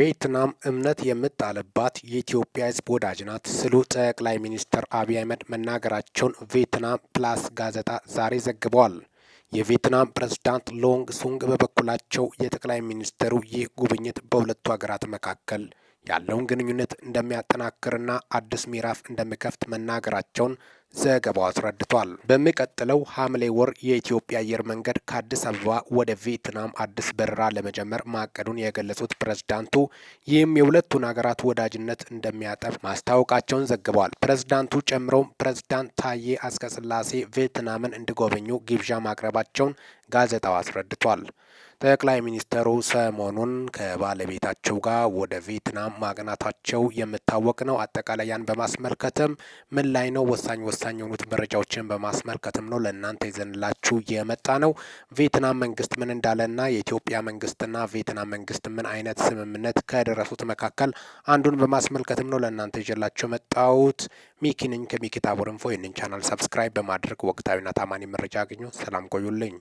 ቪየትናም እምነት የምጣልባት የኢትዮጵያ ሕዝብ ወዳጅ ናት ስሉ ጠቅላይ ሚኒስትር አብይ አህመድ መናገራቸውን ቪየትናም ፕላስ ጋዜጣ ዛሬ ዘግበዋል። የቪየትናም ፕሬዝዳንት ሎንግ ሱንግ በበኩላቸው የጠቅላይ ሚኒስትሩ ይህ ጉብኝት በሁለቱ ሀገራት መካከል ያለውን ግንኙነት እንደሚያጠናክርና አዲስ ምዕራፍ እንደሚከፍት መናገራቸውን ዘገባው አስረድቷል። በሚቀጥለው ሐምሌ ወር የኢትዮጵያ አየር መንገድ ከአዲስ አበባ ወደ ቪየትናም አዲስ በረራ ለመጀመር ማቀዱን የገለጹት ፕሬዝዳንቱ ይህም የሁለቱን ሀገራት ወዳጅነት እንደሚያጠብ ማስታወቃቸውን ዘግበዋል። ፕሬዝዳንቱ ጨምረውም ፕሬዝዳንት ታዬ አስቀስላሴ ቪየትናምን እንዲጎበኙ ግብዣ ማቅረባቸውን ጋዜጣው አስረድቷል። ጠቅላይ ሚኒስትሩ ሰሞኑን ከባለቤታቸው ጋር ወደ ቪየትናም ማቅናታቸው የሚታወቅ ነው። አጠቃላይ ያን በማስመልከትም ምን ላይ ነው ወሳኝ ወሳኝ ወሳኝ የሆኑት መረጃዎችን በማስመልከትም ነው ለእናንተ ይዘንላችሁ የመጣ ነው። ቬትናም መንግስት ምን እንዳለና የኢትዮጵያ መንግስትና ቬትናም መንግስት ምን አይነት ስምምነት ከደረሱት መካከል አንዱን በማስመልከትም ነው ለእናንተ ይዤላችሁ የመጣሁት። ሚኪ ነኝ ከሚኪ ታቦር ኢንፎ። ይህንን ቻናል ሰብስክራይብ በማድረግ ወቅታዊና ታማኒ መረጃ አግኙ። ሰላም ቆዩልኝ።